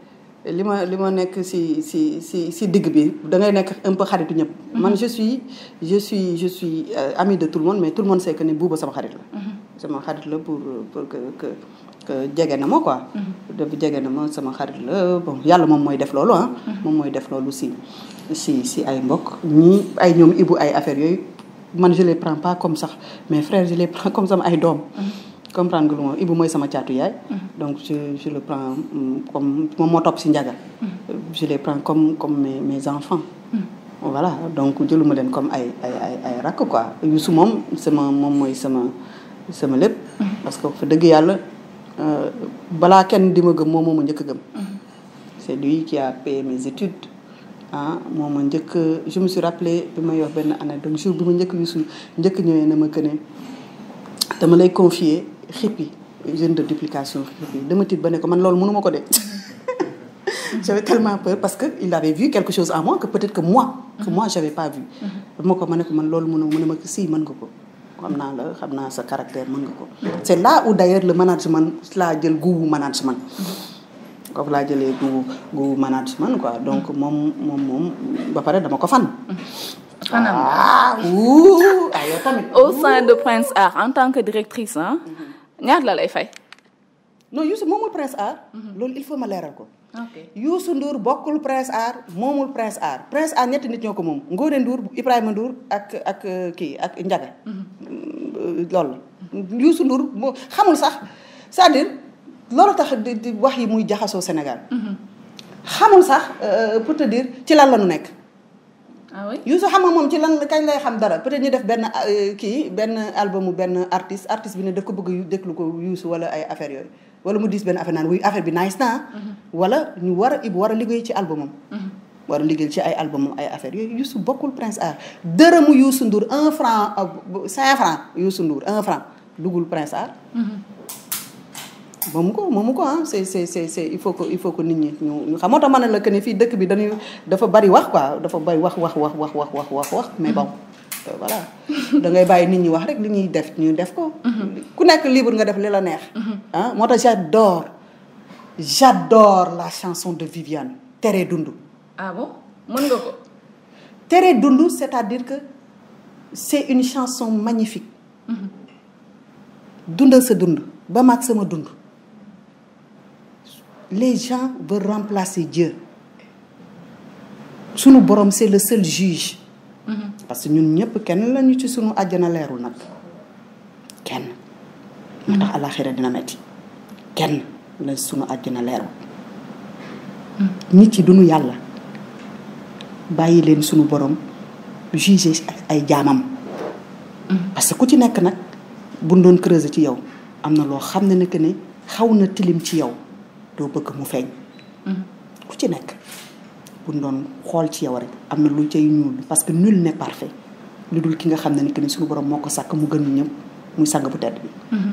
li ma li ma nekk si si si si digg bi da ngay nekk un xaritu ñëpp. Mhm. man je suis je suis je suis euh, ami de tout le monde mais tout le monde sait que ni buuba xarit la. Mhm. sama la pour pour que que que jege na ma quoi. Mhm. daf na ma sama xarit la yàlla moom mooy def loolu ah. moom mooy def loolu si si si ay mbokk ñi ay ñoom ibu ay affaire yooyu man je les prends pas comme sax mes frères je les prends comme sama ay doom. comprendre nga lu ma Ibou mooy sama caatu yaay. Mhm. donc je je le prends mm, comme moom moo topp si njaga. Mhm. je les prends comme comme mes enfants. Mhm. voilà donc jëluma leen comme ay ay ay ay rakk moom sama moom mooy sama sama lépp. parce que fa dëgg yàlla euh, balaa kenn di ma gëm moom ma njëkk a gëm. c'est lui qui a payé mes études. ah moom bi may wax benn année donc jour bi ma njëkk Youssou njëkk ñëwee na ma que ne dama lay confier xippi usine de duplication xippi dama tiit ba ne ko man loolu mënuma ko de j'avais tellement peur parce que il avait vu quelque chose en moi que peut-être que moi que moi pas vu dama mm-hmm. ko ma ne ko man loolu mënuma ma ko si mën nga ko xam naa sa caractère mën nga ko mm-hmm. c'est là où d'ailleurs le management laa jël guubu management mm-hmm. foofu laa jëlee guubu guubu management quoi donc moom moom ba pare dama ko fan ah ouh ah yow au sein de Prince Art en tant que directrice hein ñaar la lay fay. non Youssou moomul Prince Art. Mhm. loolu il faut ma leeral ko. ok Youssou Ndour bokkul Prince Art moomul Prince Art Prince Art ñetti nit ñoo ko moom Ngone Ndour Ibrahima Ndour ak ak euh, kii ak Ndiaga. Mhm. Euh, loolu Youssou Ndour moo xamul sax cest à loolu tax di di wax yi muy jaxasoo Sénégal. Mhm. xamul sax euh, pour te dire ci lan la nekk. ah oui Youssou moom ci lan kañ lay xam dara peut-être def benn euh, kii benn albumu benn artiste artiste bi ne daf ko bëgg a déglu ko Youssou wala ay affaire yooyu. wala mu diis benn affaire naan wuy affaire bi nice na mm-hmm. wala ñu war a Ibou war a liggéey ci albumam. Mm-hmm. war a liggéey ci ay albumam ay affaire yooyu Youssou bokkul Prince Art dërëmu Youssou Ndour un franc euh, cinq franc Youssou nduur un franc duggul Prince Art. Mm-hmm. moomu ko mu ko ah c'est c'est c'est il faut que il faut que nit ñi ñu xam moo tax ma la que fii dëkk bi dañuy dafa bari wax quoi dafa bari wax wax wax wax wax wax wax wax mais bon euh, voilà da ngay bàyyi nit ñi wax rek li ñuy def ñuy def ko. Mm-hmm. ku nekk libre nga def li la neex. Mm-hmm. ah moo tax j'adore j'adore la chanson de Viviane Tere dund ah bon mën nga ko. Tere Dundu c'est-à-dire que c'est une chanson magnifique. Mm-hmm. dundal sa dund ba maag sama dund. les gens veulent remplacer Dieu sunu borom c'est le seul juge. parce que ñun ñëpp kenn lañu ci sunu àjjana leeru nag kenn. moo tax alaxira dina metti kenn la sunu àjjana leerul. nit ci duñu yàlla bàyyi leen sunu borom juger ay jaanam parce que ku ci nekk nag buñ doon creuser ci yow am na loo xam ne que ne xaw na tilim ci yow. doo bëgg mu feeñ mm-hmm. ku ci nekk bu ñu doon xool ci yow am na lu cay ñuul parce que nul ne parfait lu dul ki nga xam ne ni que ni suñu borom moo ko sàkk mu gën ñëpp muy sang bu tedd bi mm-hmm.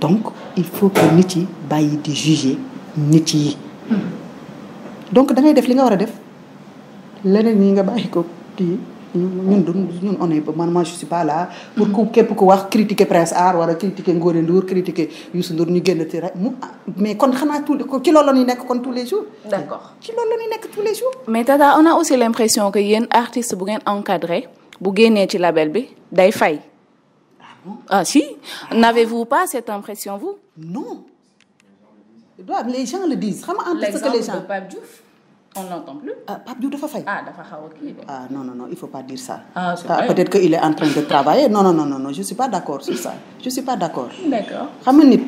donc il faut que nit yi bàyyi di juger nit yi mm-hmm. donc da def li nga war a def leneen yi nga bàyyi ko kii ñun du ñun on est man moi je suis pas là. pour ku képp ku wax critiquer Prince Art wala critiquer Ngoré Ndour critiquer Youssou Ndour ñu génn ci rek mu mais kon xanaa tout ci loolu la ñuy nekk kon tous les jours. d' accord ci loolu la ñuy nekk tous les jours. mais tata on a aussi l' impression que yéen artiste bu ngeen encadré bu génnee ci label bi day fay. Ah, ah si n'avez-vous pas cette impression vous. non. les gens le disent xam nga en tout cas les gens. on l'entend plus. ah Pape Diouf dafa fay. ah dafa xaw a kii ah, il faut pas dire ça. ah, ah peut-être que il est en train de travailler non non non non je suis pas d'accord sur ça je suis pas d'accord. xam nga nit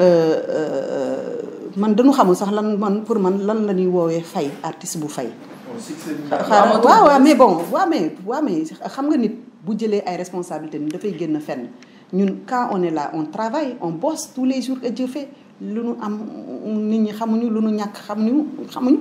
euh, euh, man dañu xamul sax lan man pour man lan la ñuy woowee fay artiste bu fay. waaw waaw mais bon waaw mais waaw mais xam nga nit bu jëlee ay responsabilités ni dafay génn fenn ñun quand on est là on travaille on bosse tous les jours que Dieu lu nu am nit ñi xamuñu lu nu ñàkk xamuñu xamuñu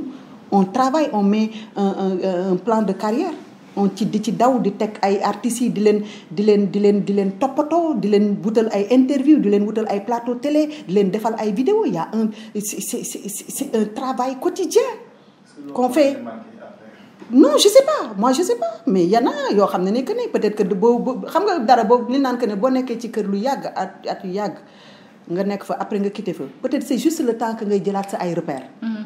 on travaille on met un, un, plan de carrière on ci di ci daw di teg ay artistes yi di leen di leen di leen di leen toppatoo di leen wutal ay interview di leen wutal ay plateau télé di leen defal ay vidéo y a un c'est c'est c'est un travail quotidien qu'on fait non je sais pas moi je sais pas mais y yoo xam ne ne que ne peut-être que boo xam nga dara boo li naan que ne boo nekkee ci kër lu yàgg at at yu yàgg nga nekk fa après nga quitté fa peut-être c'est juste le temps que ngay jëlaat sa ay repères. Mm-hmm.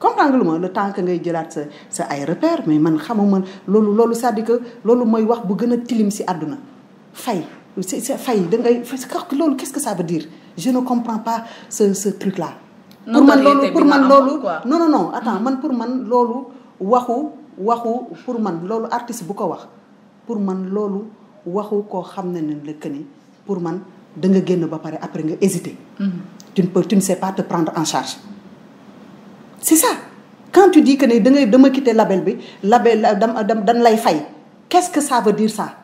comprendre lu ma le temps ngay jëlaat sa sa ay repères mais man xamuma loolu loolu c'est-à-dire loolu mooy wax bu gën a tilim si àdduna fay. c'est c'est fay da ngay loolu quest que ça veut dire je ne comprends pas ce ce truc pour man loolu pour man loolu non non non attends mm-hmm. man pour man loolu waxu waxu pour man loolu artiste bu ko wax pour man loolu waxu ko xam ne ni la ni pour man. da nga génn ba pare après nga hésiter. Mhm. tu ne peux tu ne pas te prendre en charge c'est ça quand tu dis que ne da ngay dama quitter label bi label dama dañ lay fay qu'est-ce que sa veut dire ça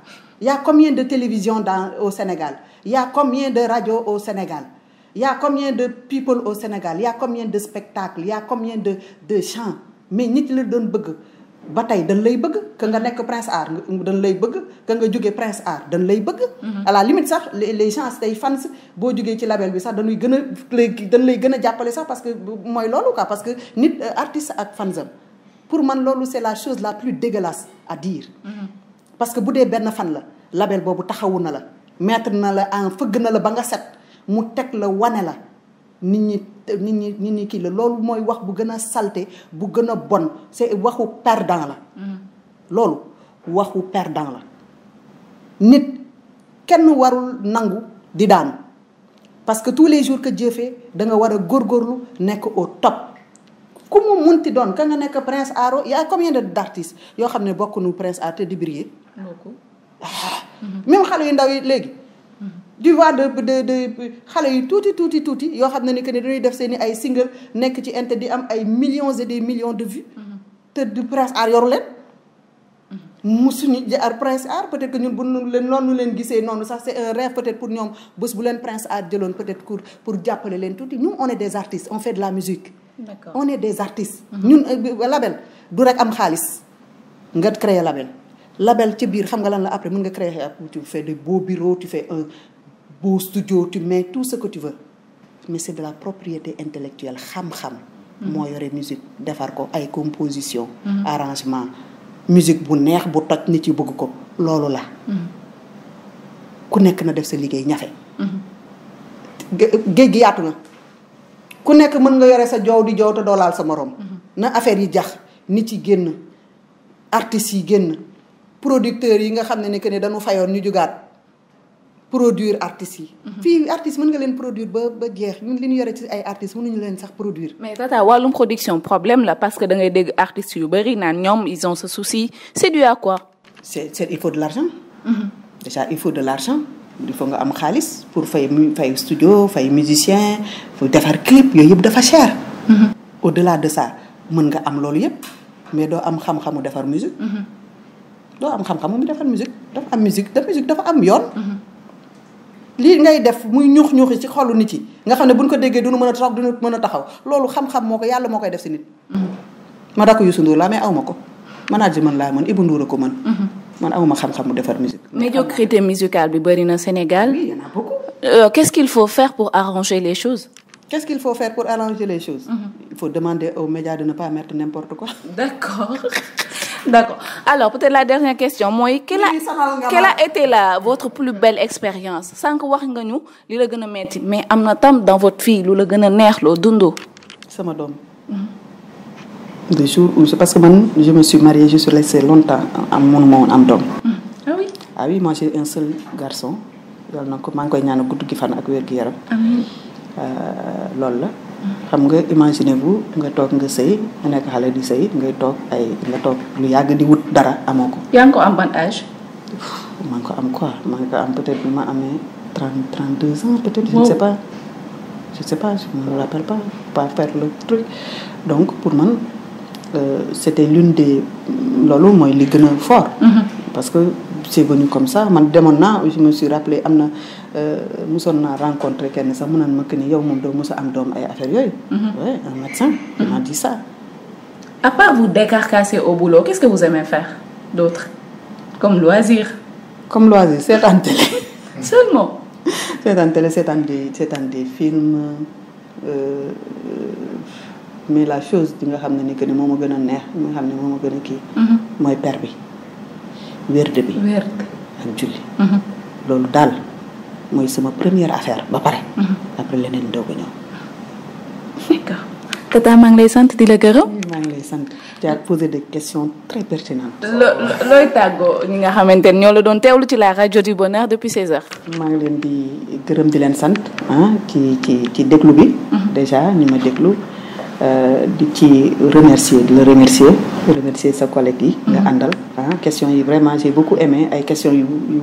y a combien de télévision dans au Sénégal y a combien de radio au Sénégal yaa a combien de people au Sénégal y a combien de spectacles y a combien de de chants mais nit la doon bëgg. ba tey dañ lay bëgg que nga nekk prince art dañ lay bëgg que nga jóge prince art lay bëgg mhm. à la limite sax les chances day fans boo jógee ci label bi sax dañuy gën a dañ lay gën a jàppale sax parce que mooy loolu quoi parce que nit euh, artiste ak fansam pour man loolu c'est la chose la plus dégueulasse à diir mhm. parce que bu dee benn fan la label boobu taxawu na la mettre na la en fëgg na la ba nga set mu teg la wane la nit ñi nit ñi nit ñi kii loolu mooy wax bu gën a salté bu gën a bon c'est waxu perdant la mm. loolu waxu perdant la nit kenn warul nangu di daanu parce que tous les jours que Dieu danga war a góorgóorlu nekk au top ku mu ti doon ka nga nekk Prince Aro y a combien d'artistes yoo xam ne bokkunu nu Prince Aro te di briller ah. mm-hmm. même xale yu ndaw yi léegi tu vois de de de xale yu tuuti tuuti tuuti yoo xam ne ni que ne dañuy def seen i ay single nekk ci inter di am ay millions et des millions de vues. Mm-hmm. te du prince art yoru leen. musuñu mm-hmm. jaar prince art peut-être que ñun bu leen noonu leen gisee noonu sax c'est un rêve peut pour ñoom bés bu leen prince art jëloon peut-être pour pour jàppale leen tuuti ñun on est des artistes on fait de la musique. D'accord. on est des artistes. Mm-hmm. ñun euh, label du rek am xaalis nga créer label. label ci biir xam nga lan la après mën nga créer tu fais beau studio tu mets tout ce que mais c'est de la propriété intellectuelle xam-xam mm-hmm. moo yore musique defar ko ay composition mm-hmm. arrangement musique bu neex bu toj nit yi bëgg ko loolu la mm-hmm. ku nekk na def sa liggéey ñafe géej gi yaatu na ku nekk mën nga yore sa joow di joow te doolaal sa moroom na affaire yi jax nit yi génn artistes yi génn producteurs yi nga xam ne ne que ne dañu fayoon ñu jugaat produire artistes yi. Mhm. fii artistes mën nga leen produire ba ba jeex ñun li ñu yore ci ay artistes mënuñu leen sax produire. mais tata wàllum production problème la parce que da dégg artistes yu bëri naan ñoom ils ont ce c'est dû à quoi. c'est il faut de l'argent. Mhm. déjà il faut de l'argent. il faut am cher. Mhm. au delà de ça mën nga am loolu yëpp mais doo am xam-xamu defar musique. doo am xam-xamu defar musique dafa am yoon. lii ngay def muy ñuux ñuuxi ci xolu nit yi nga xam ne buñ ko déggee duñu mën a tax duñu mën a taxaw loolu xam-xam moo ko yàlla moo koy def si nit mm-hmm. ma dak Youssou Ndour laa mais aw ma ko management laa mën Ibou Ndour a ko mën mm-hmm. man awma xam-xam mu defar musique médiocrité musicale bi bëri na Sénégal oui, il y en a beaucoup. Euh, qu'est-ce qu'il faut faire pour arranger les choses Qu'est-ce qu'il faut faire pour arranger les choses mm -hmm. Il faut demander aux médias de ne pas mettre n'importe quoi. D'accord. D'accord. Alors, peut-être la dernière question mooy quelle a, quelle été la votre plus belle expérience sànq wax nga ñu li la gën a metti mais am na tam dans votre vie lu la gën a neex loo dundoo. sama doom. Mhm. le parce que man je me suis mariée je suis restée longtemps am mënuma am doom. Mhm. ah oui ah un seul garçon yàlla na maa ngi koy ñaan gudd gi fan ak Euh, loolu la. xam nga imaginez bu nga toog nga sëy nekk xale di sëy nga toog ay nga toog lu yàgg di wut dara amoo ko. yaa ngi ko am ban âge. maa ngi ko am quoi maa ngi ko am peut être bi ma amee trente trente deux ans peut être. je sais pas je ne sais pas je me rappelle pas pas faire le truc donc pour man euh, c' était l'une des loolu mooy li gën a mm-hmm. parce que c'est venu comme ça man demoon naa je si suis rappelé am na euh, mosoon naa rencontré kenn sax mu naan ma que ni yow mun doo mos sa am doom ay affaire yooyu. Mhm. oui un médecin m'a dit ça. à part vous décarcasser au boulot qu'est-ce que vous aimez faire d'autre comme loisir. comme loisir seetaan télé. seulement. seetaan télé seetaan des euh, mais la chose bi nga xam ne ni que ni moom ma gën a neex bi nga xam ne moo gën a kii. Mhm. mooy per wérde bi ak julli mhm. loolu daal mooy sama première affaire ba pare mhm. après leneen doog ñëw d'accord tata maa ngi lay sant di la gërëm maa ngi lay sant tu as posé des questions très tàggoo ñi nga xamante ne ñoo la doon teewlu ci laa rajo du bonheur depuis 16 heures maa ngi leen di gërëm di leen sant ah ci ci ci déglu bi mhm. déjà ñi ma déglu Euh, di ci remercier di la remercier remercier sa collègue yi nga mm-hmm. àndal ah question yi vraiment j'ai beaucoup aimé ay question yu yu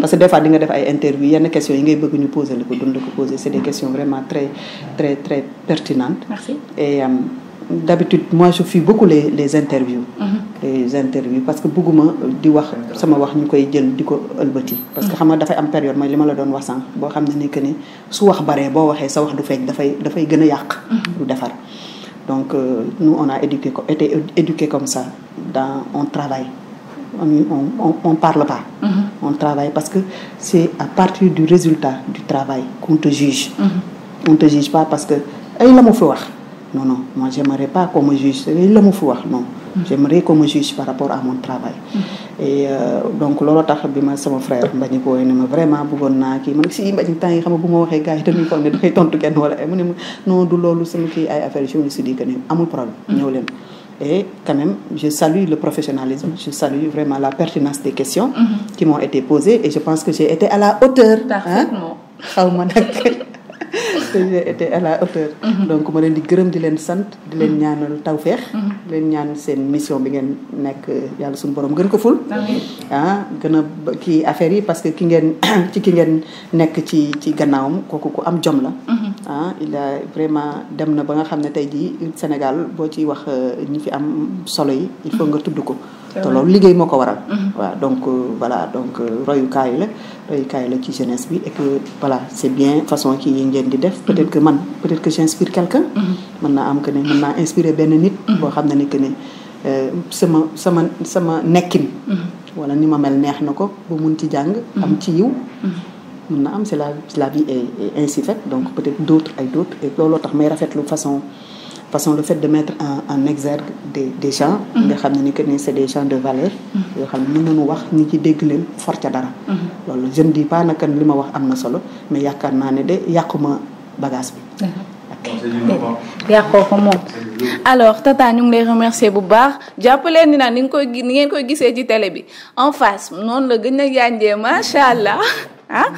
parce que des fois nga def ay interview yenn question yi ngay bëgg ñu poser la ko dund ko poser c'est des mm-hmm. questions vraiment très très très et euh, d'habitude moi je fuis beaucoup les les interviews mhm. les interviews parce que bëgguma euh, di wax sama wax ñu koy jël di ko ëlbati parce que mhm. xam nga dafay am période mooy li ma la doon wax sànq boo xam ne ni que ni su wax baree boo waxee sa wax du feeñ dafay dafay gën a yàq mhm. du defar donc euh, nous on a éduqué été éduqué comme ça dans on travaille on on on parle pas on travaille parce que c'est à partir du résultat du travail qu'on te juge on te juge pas parce que ay la mu fi wax non non moi j'aimerais pas qu'on juge la mu fi wax non mm-hmm. j'aimerais qu'on me juge par rapport à mon travail mm-hmm. et euh, donc loolu tax bi ma sama frère mbañi ko ne ma vraiment bëggoon naa kii man si mbañi temps yi xam nga bu ma waxee gars yi dañuy ne dangay kenn wala ay mu ne ma non du loolu sama kii ay affaire journaliste di que ne amul problème mm-hmm. ñëw leen quand même je salue le professionnalisme je salue vraiment la pertinence des questions qui m'ont été posées et je pense que te été à la hauteur. Mhm. donc ma leen di gërëm di leen sant di leen mhm. ñaanal tawféex. Mhm. di leen ñaan seen mission bi ngeen nekk yàlla suñu borom gën ko ful. ah gën a kii affaire yi parce que ki ngeen ci ki ngeen nekk ci ci gannaawam kooku ku am jom la. ah il a vraiment dem na ba nga xam ne tey jii Sénégal boo ciy wax euh, ñi fi am solo yi il faut nga tudd ko. te loolu liggéey moo ko waral. waaw donc euh, voilà donc euh, royukaay la. royukaay la ci jeunesse bi et que voilà c' bien façon kii yi ngeen di def peut être que man peut être que j' inspire quelqu'un mm-hmm. mën naa am que ne mën naa inspiré benn nit mm-hmm. boo xam ne ne que ne euh, sama sama sama nekkin mm-hmm. wala ni ma mel neex na ko ba mun ci jàng am ci yiw mën na am c'est la la vie est ainsi faite donc peut être d' ay d' autres et looloo tax may rafetlu façon façon le fait de mettre en en exergue des des gens. Mhm. xam ne ni que ni c'est des gens de valeur. Mhm. yoo xam ne ñu mënu wax ni ci dégg leen for dara. Mhm. loolu je ne pas naka li ma wax am na solo mais yaakaar naa ne de yàquma bagage bi. Eh, yàqoo ko moom alors tata ñu ngi lay remercier bu baax jàppaleen ni naan ni nga koy ni ngeen koy gisee ci télé bi en face noonu la gën a yànjee macha allah. ah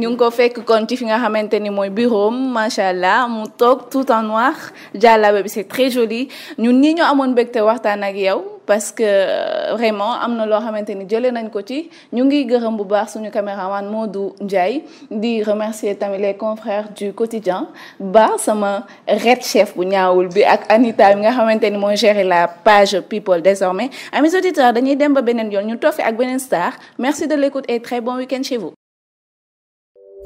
ñu ngi ko fekk kon ci fi nga xamante ni mooy bureau macha allah mu toog tout en noir jàllabe bi c'est très joli ñun ñi ñu amoon te waxtaan ak yow parce que euh, vraiment am na loo xamante ni jëlee nañ ko ci ñu ngiy gërëm bu baax suñu caméraman du Ndiaye di remercier tamit les confrères du quotidien ba sama red chef bu ñaawul bi ak Anita bi nga xamante ni mooy gérer la page people désormais amis auditeurs dañuy dem ba beneen yoon ñu toffi ak beneen star merci de l'écoute et très bon week